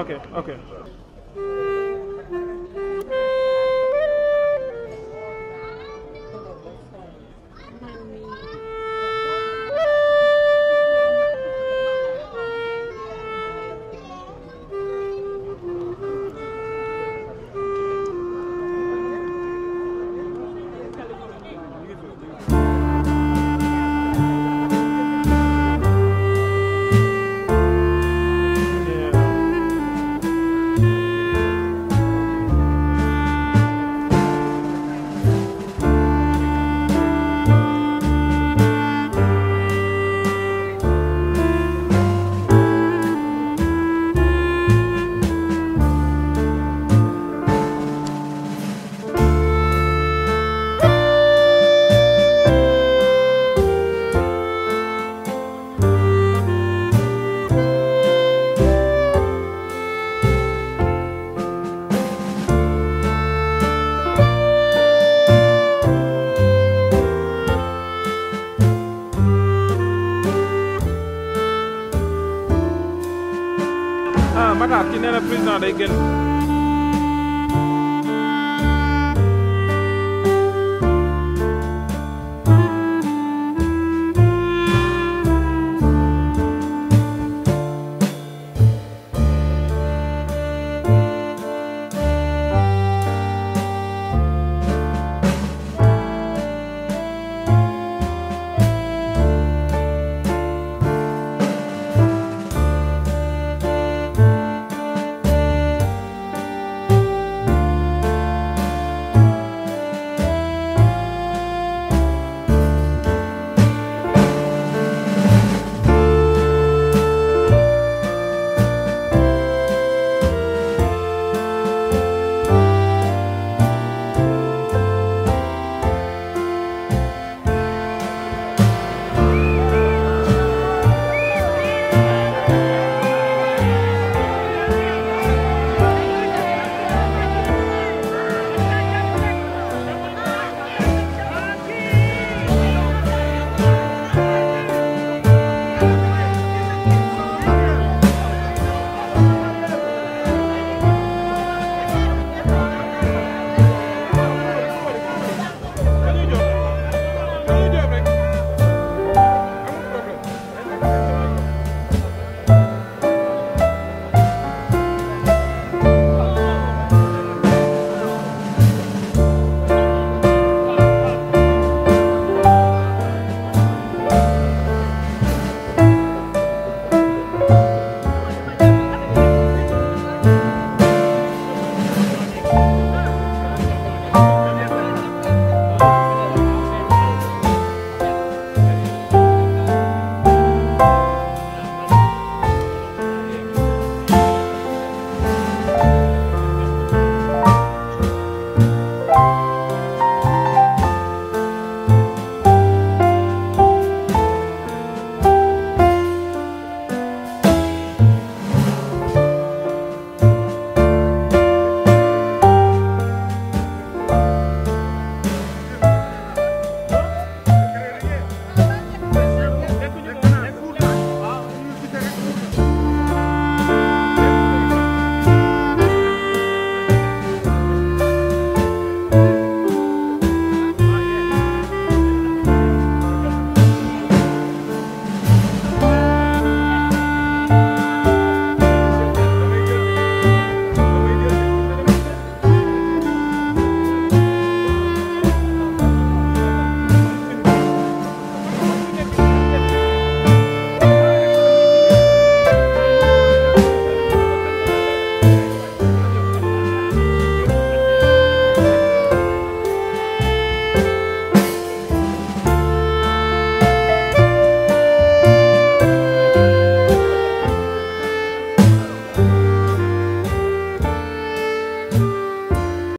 ok ok ah Matar a nee na président